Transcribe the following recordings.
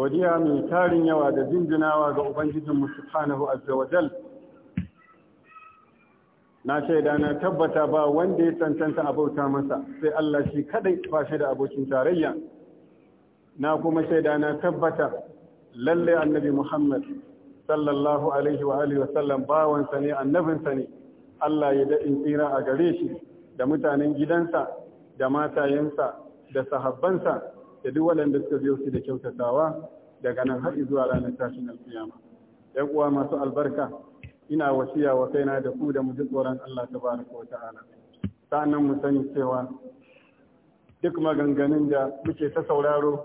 godiya mai tarin yawa da jinjinawa ga ubangijinmu subhanahu azza wa jal na shaida na tabbata ba wanda ya cancanta abauta masa sai Allah shi kaɗai ba shi da abokin tarayya na kuma shaida na tabbata lalle annabi Muhammad sallallahu alaihi wa alihi wasallam bawansa ne annabinsa ne Allah ya daɗin tsira a gare shi da mutanen gidansa da matayensa da sahabbansa da duk waɗanda suka biyo su da kyautatawa daga nan har zuwa ranar tashin alkiyama yan uwa masu albarka ina wasiya wa kaina da ku da mu tsoron Allah tabaraka wa ta'ala sa'annan mu sani cewa duk maganganun da muke ta sauraro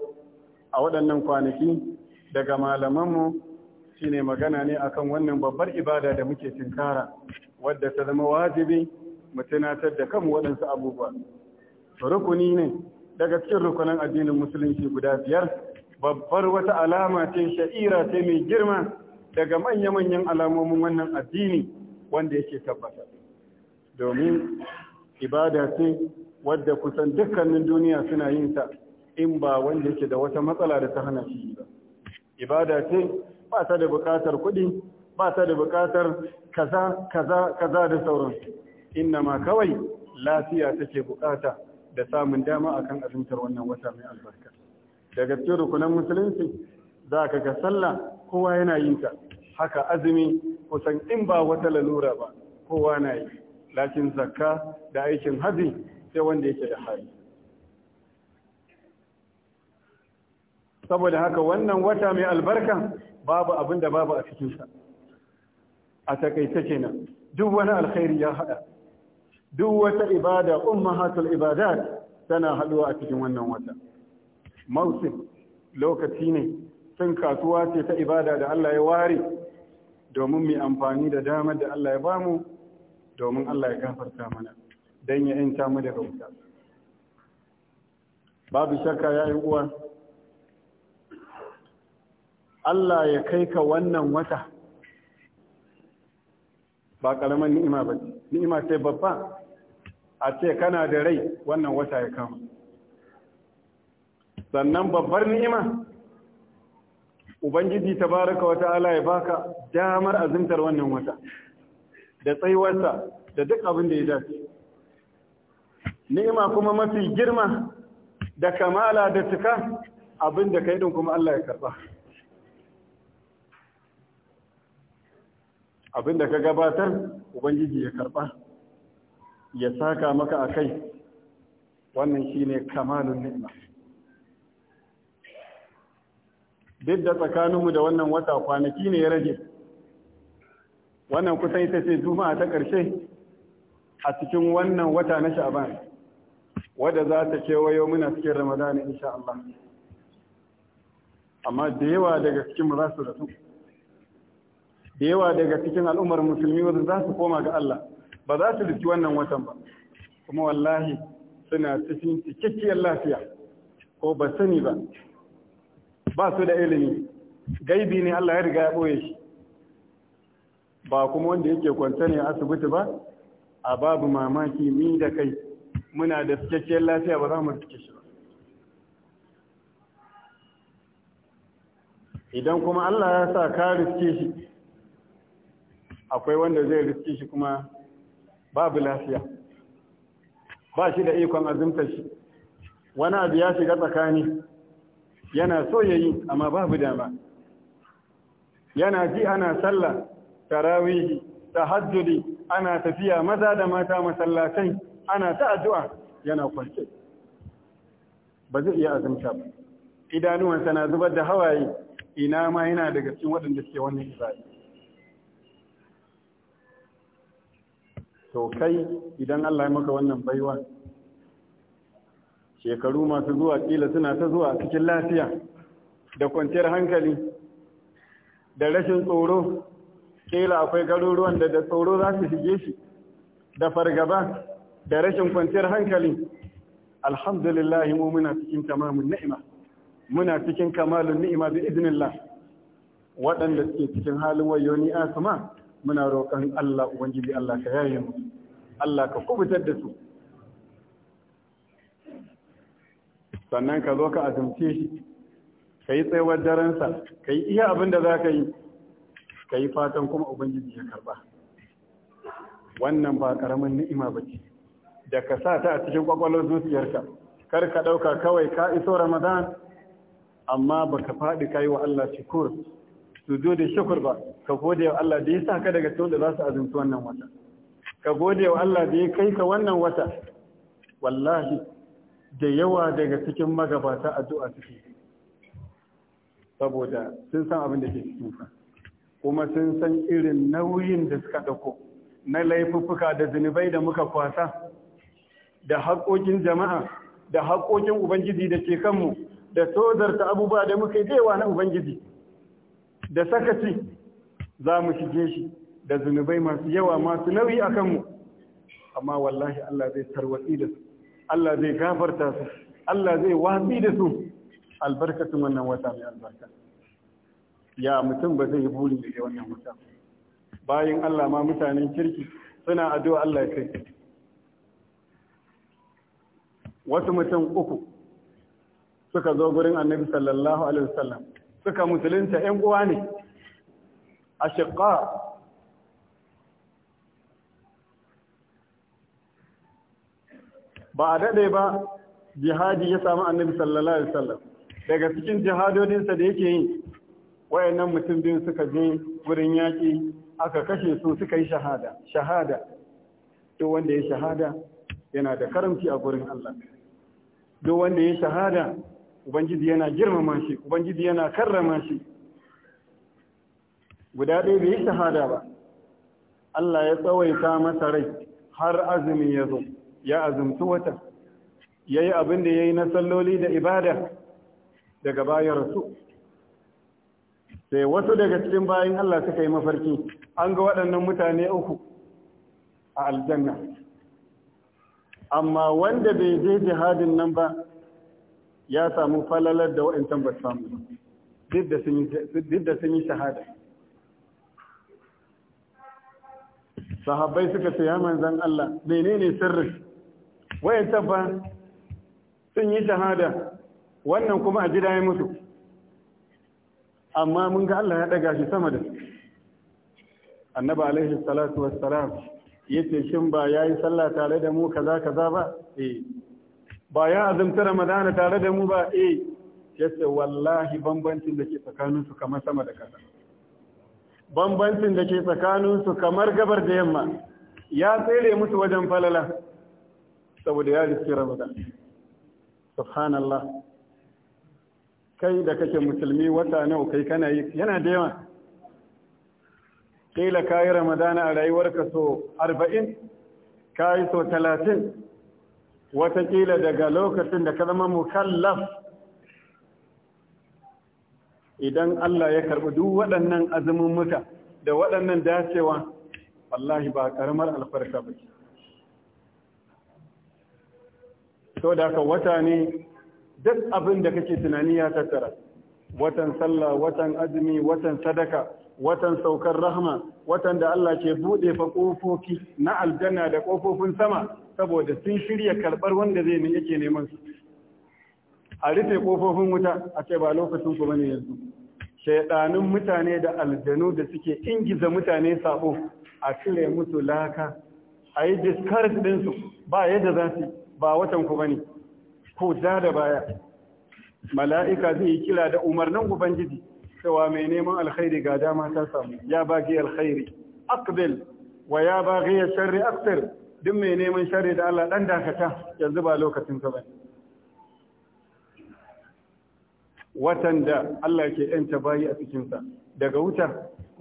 a waɗannan kwanaki daga malamanmu shine magana ne akan wannan babbar ibada da muke tinkara wadda ta zama wajibi mu tunatar da kanmu waɗansu abubuwa rukuni ne daga cikin rukunin addinin musulunci guda biyar babbar wata alama ce sha'ira ce mai girma daga manya-manyan alamomin wannan addini wanda yake tabbata domin ibada ce wadda kusan dukkanin duniya suna yin ta in ba wanda yake da wata matsala da ta hana shi ba ibada ce ba ta da bukatar kuɗi ba ta da bukatar kaza kaza kaza da sauransu inna ma kawai lafiya take bukata da samun dama akan azumtar wannan wata mai albarka daga cikin rukunan musulunci za ka ga sallah kowa yana yin ta haka azumi kusan in ba wata lalura ba kowa na yi lakin zakka da aikin haji sai wanda yake da hali saboda haka wannan wata mai albarka babu abin da babu a cikinsa a takaice kenan duk wani alkhairi ya haɗa. duk wata ibada ummahatul ibadat tana haduwa a cikin wannan wata mausim lokaci ne tun kasuwa ce ta ibada da Allah ya ware domin mu amfani da damar da Allah ya bamu domin Allah ya gafarta mana dan ya yanta mu daga wuta babu shakka yayin uwa Allah ya kai ka wannan wata ba karaman ni'ima ba ni'ima sai babba a ce kana da rai wannan wata ya kama sannan babbar ni'ima ubangiji tabaraka wata ala ya baka damar azumtar wannan wata da tsayuwarsa da duk abin da ya dace ni'ima kuma mafi girma da kamala da cika abin da kai din kuma Allah ya karba abin da ka gabatar ubangiji ya karba ya saka maka a kai wannan shi ne kamalun ni'ima duk da tsakaninmu da wannan wata kwanaki ne ya rage wannan kusan ita ce juma'a ta ƙarshe a cikin wannan wata na sha'aban wadda za ta kewayo muna cikin ramadana insha Allah amma da yawa daga cikin za su rasu da yawa daga cikin al'ummar musulmi wadda za su koma ga Allah ba za su riki wannan watan ba kuma wallahi suna cikin cikakkiyar lafiya ko ba sani ba ba su da ilimi gaibi ne Allah ya riga ya ɓoye shi ba kuma wanda yake kwanta ne a asibiti ba a babu mamaki ni da kai muna da cikakkiyar lafiya ba za mu riki shi ba idan kuma Allah ya sa ka riske shi akwai wanda zai riske shi kuma babu lafiya ba shi da ikon azumta shi wani abu ya shiga tsakani yana so ya yi amma babu dama yana ji ana sallah tarawihi tahajjudi ana tafiya maza da mata masallatai ana ta addu'a yana kwance ba zai iya azumta ba idanuwansa na zubar da hawaye ina ma yana daga cikin waɗanda suke wannan ibada to kai idan Allah ya maka wannan baiwa shekaru masu zuwa kila suna ta zuwa cikin lafiya da kwanciyar hankali da rashin tsoro kila akwai garuruwan da da tsoro za su shige shi da fargaba da rashin kwanciyar hankali alhamdulillah mu muna cikin kamamun ni'ima muna cikin kamalun ni'ima bi idnillah waɗanda suke cikin halin wayoni asuma. muna roƙon Allah ubangiji Allah ka yaye mu Allah ka kubutar da su sannan ka zo ka azumce shi ka yi tsayuwar darensa ka yi iya abin da za ka yi ka yi fatan kuma ubangiji ya karba wannan ba karamin ni'ima ba ce da ka sa ta a cikin kwakwalwar zuciyarka kar ka ɗauka kawai ka iso ramadan amma baka ka faɗi ka yi wa Allah shukur sujo da shukur ba ka gode wa Allah da ya sa ka daga cikin da za su azumci wannan wata ka gode wa Allah da ya kai ka wannan wata wallahi da yawa daga cikin magabata addu'a suke saboda sun san abin da ke cikin ka kuma sun san irin nauyin da suka dauko na laifuffuka da zunubai da muka kwasa da haƙoƙin jama'a da haƙoƙin ubangiji da ke kanmu da tozarta abubuwa da muka yi na ubangiji da sakaci za mu shige shi da zunubai masu yawa masu nauyi a kanmu amma wallahi Allah zai tarwatsi da su Allah zai gafarta su Allah zai watsi da su albarkatun wannan wata mai albarka ya mutum ba zai yi buri da wannan wata bayan Allah ma mutanen kirki suna addu'a Allah ya kai wasu mutum uku suka zo gurin annabi sallallahu alaihi wasallam suka musulunta ‘yan uwa ne a shiƙa ba a daɗe ba jihadi ya samu annabi sallallahu alaihi wasallam daga cikin jihadodinsa da yake yi wayannan mutum biyu suka je wurin yaƙi aka kashe su suka yi shahada shahada duk wanda ya shahada yana da karamci a gurin Allah duk wanda ya shahada ubangiji yana girmama shi ubangiji yana karrama shi guda ɗaya bai yi shahada ba Allah ya tsawaita masa rai har azumin ya zo ya azumtu wata ya yi abin da ya yi na salloli da ibada daga bayan rasu sai wasu daga cikin bayan Allah suka yi mafarki an ga waɗannan mutane uku a aljanna amma wanda bai je jihadin nan ba ya samu falalar da wa'ancan ba samu duk da sun yi shahada sahabbai suka ce ya manzan Allah menene sirrin wa'ancan ba sun yi shahada wannan kuma a gida ya mutu amma mun ga Allah ya daga shi sama da annaba alaihi salatu wassalam yace shin ba yayi sallah tare da mu kaza kaza ba eh ba ya azumta ramadana tare da mu ba eh ce wallahi bambancin da ke tsakaninsu kamar sama da kasa bambancin da ke tsakanin kamar gabar da yamma ya tsere musu wajen falala saboda ya riske ramadan subhanallah kai da kake musulmi wata nawa kai kana yi yana da yawa kila kayi ramadana a rayuwarka so arba'in kayi so talatin watakila daga lokacin da ka zama mukallaf idan Allah ya karɓi duk waɗannan azumin muka da waɗannan dacewa wallahi ba ƙaramar alfarka ba so da aka wata ne duk abin da kake tunani ya tattara watan sallah watan azumi watan sadaka watan saukar rahma watan da Allah ke buɗe fa ƙofofi na aljanna da ƙofofin sama saboda sun shirya karɓar wanda zai ne yake neman su a rufe ƙofofin wuta a ce ba lokacin ku bane yanzu shaidanun mutane da aljanu da suke ingiza mutane sabo a cire musu laka a yi discourage su, ba yadda za su ba watan ku bane ko da da baya mala'ika zai yi kira da umarnin ubangiji cewa mai neman alkhairi ga dama ta samu ya bagi alkhairi aqbil wa ya bagi sharri aqtir duk mai neman sharri da Allah dan dakata yanzu ba lokacin ka bane watan da Allah ke yanta bayi a cikin sa daga wuta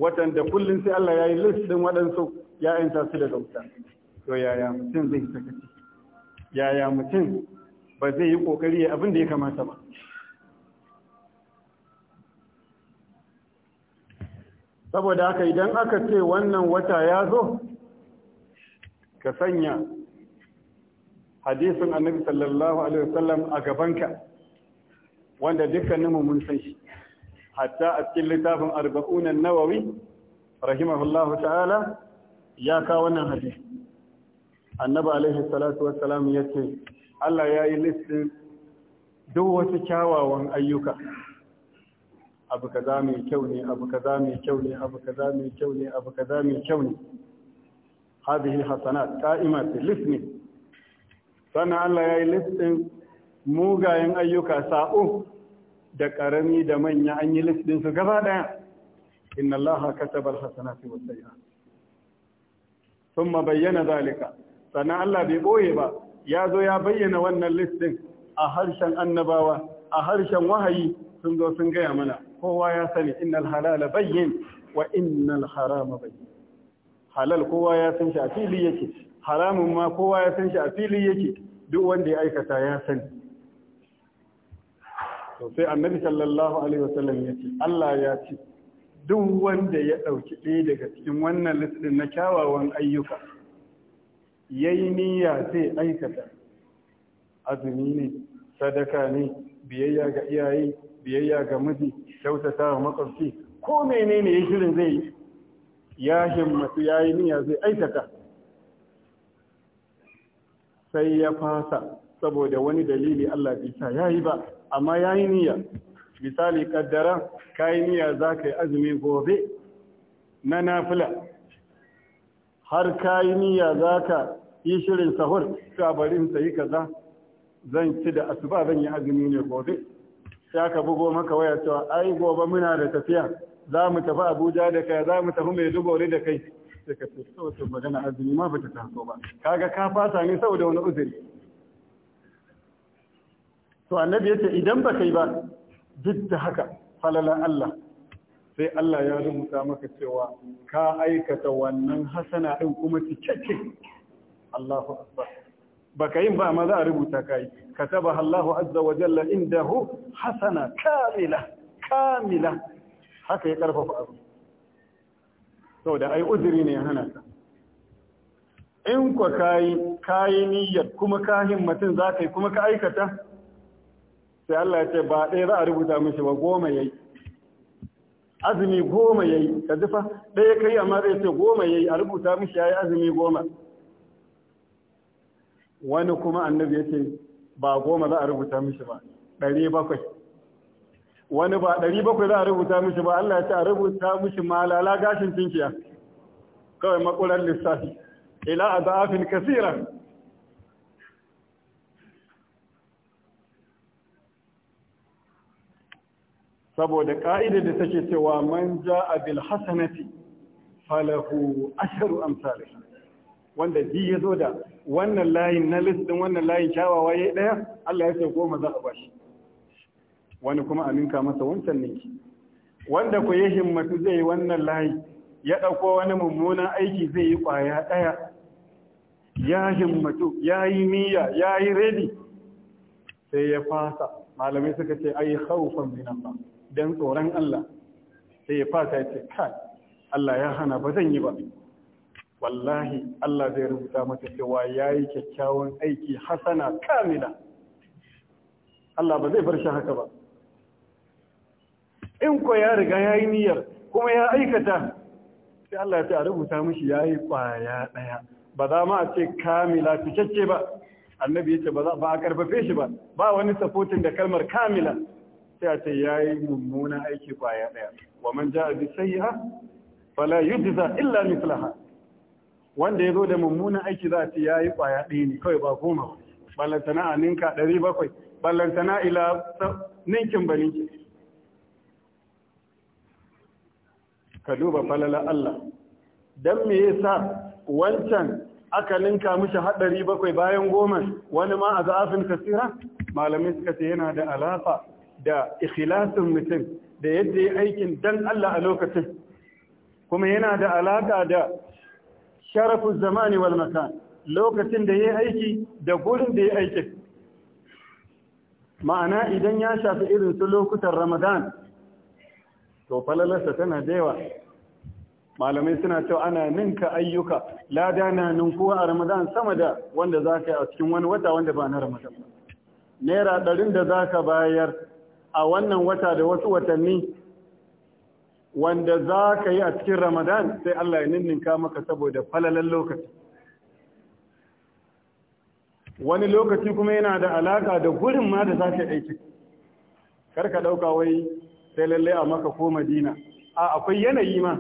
watan da kullun sai Allah yayi yi din wadansu ya yanta su daga wuta to yaya mutum zai sakaci yaya mutum ba zai yi kokari abin da ya kamata ba saboda haka idan aka ce wannan wata ya zo ka sanya hadisin annabi sallallahu alaihi wasallam a gabanka wanda dukkaninmu mun san shi hatta a cikin littafin arba'un an-nawawi rahimahullahu ta'ala ya kawo wannan hadisi annabi alaihi salatu wassalam yace Allah ya yi listin duk wasu kyawawan ayyuka abu kaza mai kyau ne abu kaza mai kyau ne abu kaza mai kyau ne abu kaza mai kyau ne hadhihi hasanat qa'ima fi lisni sannan Allah yayi listin mugayen ayyuka sa'o da karami da manya an yi listin su gaba daya inna Allah kataba alhasanati was sayyi'at thumma bayyana zalika sannan Allah bai boye ba ya zo ya bayyana wannan listin a harshen annabawa a harshen wahayi sun zo sun gaya mana kowa ya sani innal halala bayyin wa innal harama bayyin halal kowa ya san shi a fili yake haramun ma kowa ya san shi a fili yake duk wanda ya aikata ya sani to sai annabi sallallahu alaihi wasallam ya ce Allah ya ce duk wanda ya dauki ɗaya daga cikin wannan listin na kyawawan ayyuka yayi niyya sai aikata azumi ne sadaka ne biyayya ga iyaye biyayya ga miji kyautata wa makwabci ko menene ya shirin zai yi ya himmatu ya yi niyya zai aikata sai ya fasa saboda wani dalili Allah bai sa ya yi ba amma ya yi niyya misali kaddara ka yi niyya za ka yi azumi gobe na nafila har ka yi niyya za ka yi shirin sahur ta barin kaza zan ci da asuba zan yi azumi ne gobe sai aka bugo maka waya cewa ai gobe muna da tafiya za mu tafi abuja da kai za mu tafi maiduguri da kai sai ka sautin magana azumi ma ba ta taso ba kaga ka fasa ne saboda wani uzuri to annabi ya ce idan ba kai ba duk da haka falala Allah sai Allah ya rubuta maka cewa ka aikata wannan hasana din kuma cikakke Allahu akbar baka yin ba ma za a rubuta ka yi كتبها الله عز وجل عنده حسنة كاملة كاملة haka ya karfafa abu sau da ai uzuri ne hana ka in kwa kayi kayi kuma kahin mutum za ka kuma ka aikata sai Allah ya ce ba ɗaya za a rubuta mishi ba goma yayi azumi goma yayi ka jifa ɗaya kai amma zai ce goma yayi a rubuta mishi yayi azumi goma wani kuma annabi ya ce ba goma za a rubuta mishi ba ɗari bakwai wani ba ɗari bakwai za a rubuta mishi ba Allah ya ce a rubuta mishi malala gashin tunkiya kawai makular lissafi ila a za'afin kasira saboda ƙa'idar da take cewa man ja a bilhassanati falahu asharu amsalih wanda bi ya zo da wannan layin na listin wannan layin kyawawa ya yi ɗaya Allah ya ce goma za a shi. wani kuma aminka masa wancan ne wanda ku yi himmatu zai yi wannan layi ya ɗauko wani mummunan aiki zai yi ƙwaya ɗaya ya himmatu ya yi niyya ya yi redi sai ya fasa malamai suka ce ai haufan minan ba don tsoron Allah sai ya fasa ya ce kai Allah ya hana ba zan yi ba wallahi Allah zai rubuta mata cewa ya yi kyakkyawan aiki hasana kamila Allah ba zai bar shi haka ba in ko ya riga ya yi niyyar kuma ya aikata sai Allah ya ce a rubuta mishi yi kwaya daya ba za ma a ce kamila cikakke ba annabi ya ce ba a karfafe shi ba ba wani supporting da kalmar kamila sai a ce ya yi mummuna aiki kwaya daya wa man ja'a bi sayyi'a fala yujza illa mithlaha wanda ya zo da mummunan aiki za a ce ya yi kwaya ɗaya ne kawai ba goma ballantana a ninka ɗari bakwai ballantana ila ninkin ba ninkin ka duba falala Allah don me ya sa wancan aka ninka mishi haɗari bakwai bayan goma wani ma a za'afin kasira malamai suka ce yana da alafa da ikhlasin mutum da yadda ya aikin dan Allah a lokacin kuma yana da alaƙa da sharafu zamani wal makan lokacin da yayi aiki da gurin da yayi aiki ma'ana idan ya shafi irin su lokutan Ramadan to falalarsa tana da yawa malamai suna cewa ana ninka ayyuka lada na ninkuwa a Ramadan sama da wanda zaka yi a cikin wani wata wanda ba na Ramadan naira ɗarin da zaka bayar a wannan wata da wasu watanni wanda za ka yi a cikin ramadan sai Allah ya ninninka maka saboda falalan lokaci wani lokaci kuma yana da alaka da gurin ma da za ka aiki karka ɗauka wai sai lalle a maka ko madina a akwai yanayi ma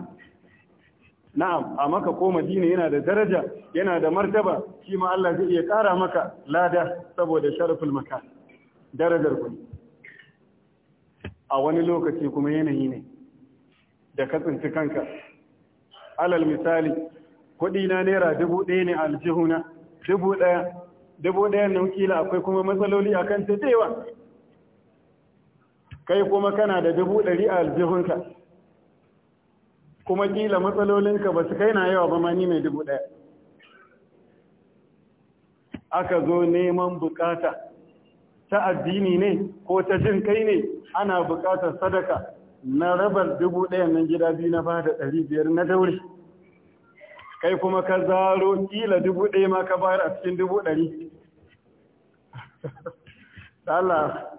na'am a maka ko madina yana da daraja yana da martaba shi ma Allah zai iya ƙara maka lada saboda sharafin maka darajar ku a wani lokaci kuma yanayi ne da ka tsinci kanka alal misali kuɗi na naira dubu ɗaya ne aljihuna dubu ɗaya dubu ɗaya nan kila akwai kuma matsaloli a kan ta dewa kai kuma kana da dubu ɗari a aljihunka kuma kila matsalolinka ba su kai na yawa ba ma ni mai dubu ɗaya aka zo neman bukata ta addini ne ko ta jin kai ne ana bukatar sadaka na rabar dubu ɗaya nan gida biyu na bada ɗari biyar na daure kai kuma ka zaro kila dubu ɗaya ma ka bayar a cikin dubu ɗari Allah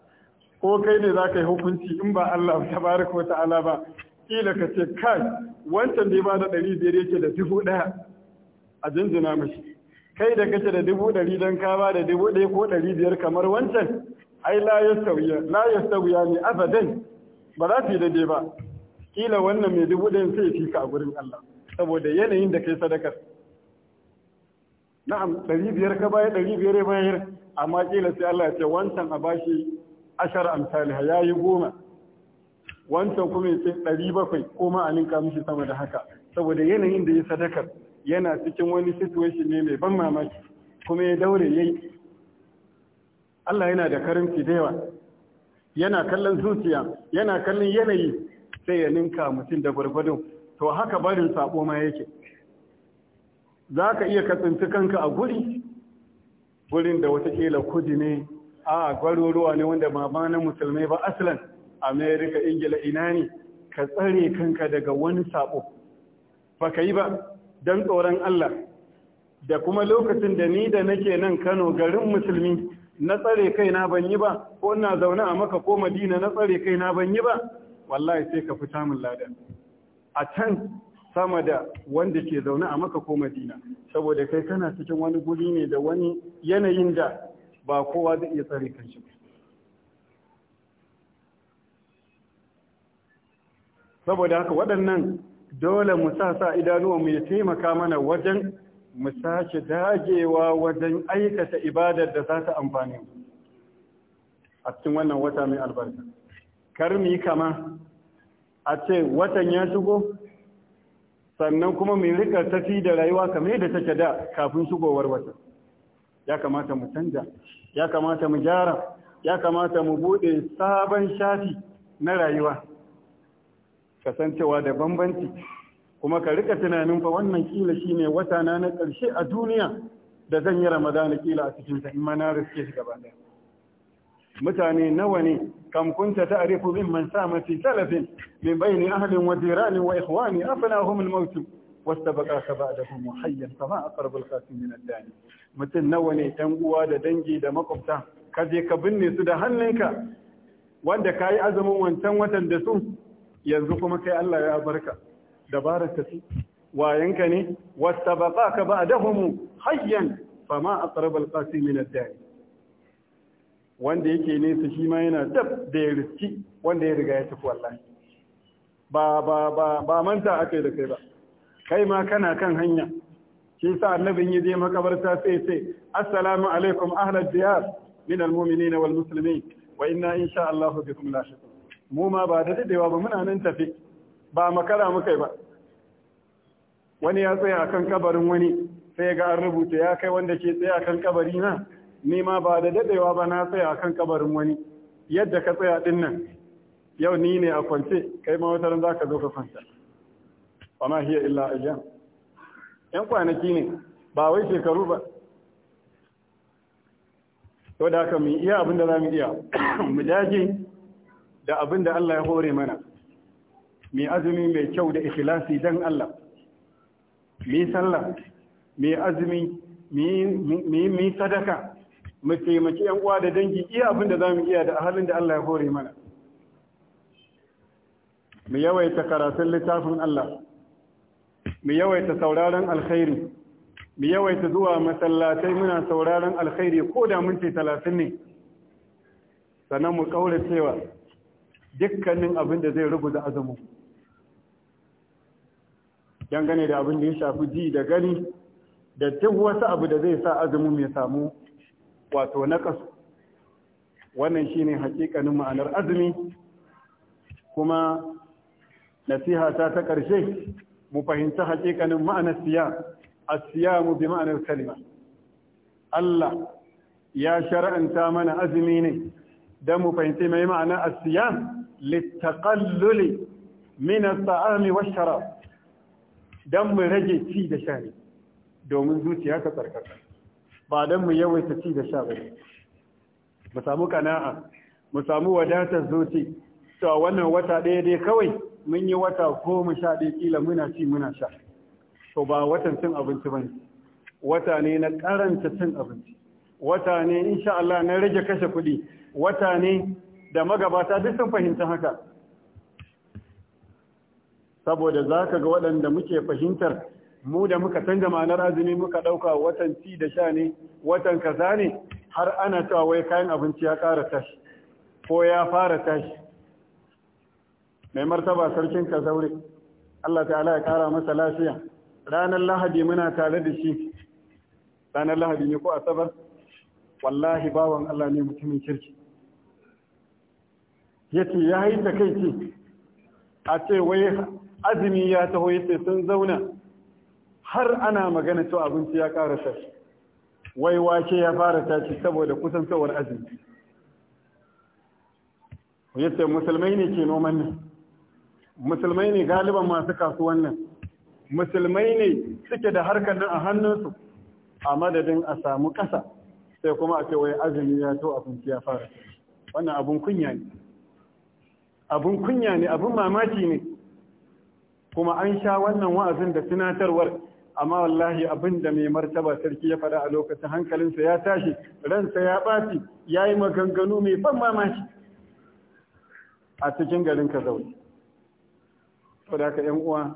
ko kai ne za ka yi hukunci in ba Allah ta bari ko ta'ala ba kila ka ce kai wancan da ba bada ɗari biyar yake da dubu ɗaya a jinjina mashi kai da kake da dubu ɗari don ka ba da dubu ɗaya ko ɗari biyar kamar wancan ai la ya sauya la ya sauya ne abadan ba za su yi daidai ba kila wannan mai dubu ɗin sai fi ka a gurin Allah saboda yanayin da kai sadakar na'am ɗari biyar ka bayar ɗari biyar bayar amma kila sai Allah ya ce wancan a bashi ashar amsaliha ya yi goma wancan kuma ya ce ɗari bakwai ko ma a ninka mishi sama da haka saboda yanayin da ya sadakar yana cikin wani situation ne mai ban mamaki kuma ya daure yayi Allah yana da karimci da yawa yana kallon zuciya yana kallon yanayi sai ya ninka mutum da gwargwado to haka barin sabo ma yake za ka iya katsinci kanka a guri gurin da wata watakila kudi ne a gwaruruwa ne wanda ba na musulmai ba aslan amerika ingila ina ne ka tsare kanka daga wani sabo ba ka yi ba don tsoron allah da kuma lokacin da ni da nake nan kano garin musulmi na tsare kai na ban yi ba ko ina zaune a maka ko madina na tsare kaina ban yi ba wallahi sai ka fita samun ladan a can sama da wanda ke zaune a maka ko madina saboda kai kana cikin wani guri ne da wani yanayin da ba kowa zai iya tsare kanshi ba saboda haka waɗannan dole mu sa sa idanuwa mu ya taimaka mana wajen mu sace dagewa wajen aikata ibadar da za ta amfani a cikin wannan wata mai albarka kar mu yi kama a ce watan ya shigo sannan kuma mu rika tafi da rayuwa kamar yadda take da kafin shigowar wata ya kamata mu canja ya kamata mu gyara ya kamata mu bude sabon shafi na rayuwa kasancewa da bambanci kuma ka rika tunanin fa wannan kila shine wata na na ƙarshe a duniya da zan yi ramadana kila a cikin ta imma na riske shi gaba ɗaya mutane nawa ne kam kunta ta'rifu min man sama fi salafin min bayni ahlin wa diranin wa ikhwani afala al-maut ba da wa hayyan kama a al-qasim min ad-dani mutun nawa ne ɗan uwa da dangi da makwabta ka je ka binne su da hannunka wanda kayi azumin wancan watan da su yanzu kuma kai Allah ya barka dabarar ta su wayanka ne wasta ba ka ba a mu hayyan fama a tsarabar kasi min dari wanda yake nesa shi ma yana dab da ya riski wanda ya riga ya tafi wallahi ba ba ba ba manta a akai da kai ba kai ma kana kan hanya shi sa annabin yi je makabarta sai sai assalamu alaikum ahlal diyar min almu'minina wal muslimin wa inna insha Allah bikum lashe. mu ma ba da dadewa ba muna nan tafi ba makara muka yi ba wani ya tsaya akan kabarin wani sai ga an rubuta ya kai wanda ke tsaya akan kabari na ni ma ba da dadewa ba na tsaya akan kabarin wani yadda ka tsaya din nan yau ni ne a kwance kai ma wataran za ka zo ka kwanta wa ma hiya illa ajam yan kwanaki ne ba wai shekaru ba to da haka mu iya abin da za mu iya mu dage da abin da Allah ya hore mana mai azumi mai kyau da ikhlasi don Allah mai sallah mai azumi mai sadaka mu taimaki yan uwa da dangi iya abin da za mu iya da halin da Allah ya hore mana mu yawaita karatun littafin Allah mu yawaita sauraron alkhairi mu yawaita zuwa masallatai muna sauraron alkhairi ko da mun talatin ne sannan mu kaura cewa dukkanin abin da zai rubuta azumin dangane da abin da ya shafi ji da gani da duk wasu abu da zai sa azumin mai samu wato naƙas wannan shine hakikanin ma'anar azumi kuma nasiha ta ta ƙarshe mu fahimci hakikanin ma'anar siya A siya mu bi ma'anar kalima Allah ya shara'anta mana azumi ne don mu fahimci mai ma'anar siya littakalluli min saami don mu rage ci da sha ne domin zuciya ta tsarkaka ba don mu yawaita ci da sha ne. mu samu kana'a mu samu wadatar zuci to a wannan wata ɗaya dai kawai mun yi wata goma sha ɗaya kila muna ci muna sha to ba watan cin abinci ba ne, wata ne na karanta cin abinci wata ne insha Allah na rage kashe kuɗi wata ne da magabata duk sun fahimta haka saboda za ka ga waɗanda muke fahimtar mu da muka canza ma'anar azumi muka ɗauka watan ci da sha ne watan kaza ne har ana cewa wai kayan abinci ya ƙara tashi ko ya fara tashi mai martaba sarkin zaure Allah ta'ala ya ƙara masa lafiya ranar lahadi muna tare da shi ranar lahadi ne ko asabar wallahi bawan Allah ne mutumin kirki yace ya kai ce. a ce wai azumi ya taho yace sun zauna har ana magana to abinci ya ƙara tashi wai wace ya fara tashi saboda kusantowar azumi yace musulmai ne ke noman nan musulmai ne galiban masu kasuwan nan musulmai ne suke da harkar nan a hannunsu a madadin a samu ƙasa sai kuma a ce wai azumi ya to abinci ya fara wannan abun kunya ne abun kunya ne abun mamaki ne kuma an sha wannan wa'azin da tunatarwar amma wallahi abin da mai martaba sarki ya faɗa a lokacin hankalinsa ya tashi ransa ya ɓaci ya yi maganganu mai ban mamaki a cikin garin ka zaune saboda ka yan uwa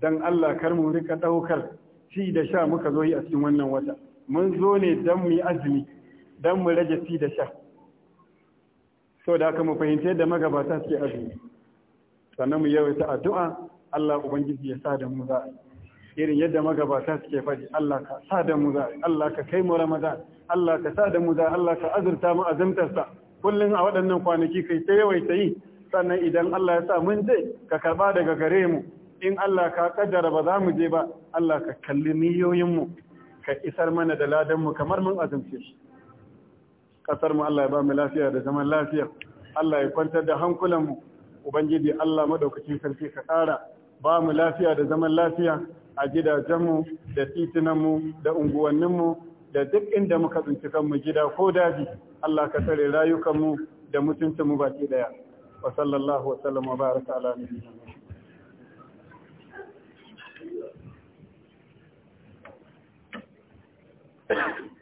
don Allah kar mu rika ɗaukar ci da sha muka zo yi a cikin wannan wata mun zo ne don mu yi azumi don mu rage ci da sha da ka mu fahimci yadda magabata suke azumi sannan mu yawaita addu'a Allah ubangiji ya sa da mu za a irin yadda magabata suke faɗi Allah ka sa da mu za a Allah ka kai mu Ramadan Allah ka sa da mu za a Allah ka azurta mu azumtarsa kullum a waɗannan kwanaki kai ta yawaita yi sannan idan Allah ya sa mun je ka karɓa daga gare mu in Allah ka kaddara ba za mu je ba Allah ka kalli niyoyin mu ka isar mana da ladan mu kamar mun azumce shi Ƙasar mu Allah ya ba mu lafiya da zaman lafiya Allah ya kwantar da hankulan mu ubangiji Allah maɗaukacin sarki ka ƙara. ba mu lafiya da zaman lafiya a gidajenmu da titinanmu da unguwanninmu da duk inda muka tsinci kanmu gida ko daji Allah ka tsare rayukanmu da mutuncinmu baki daya wa sallallahu wa baraka ala Thank you.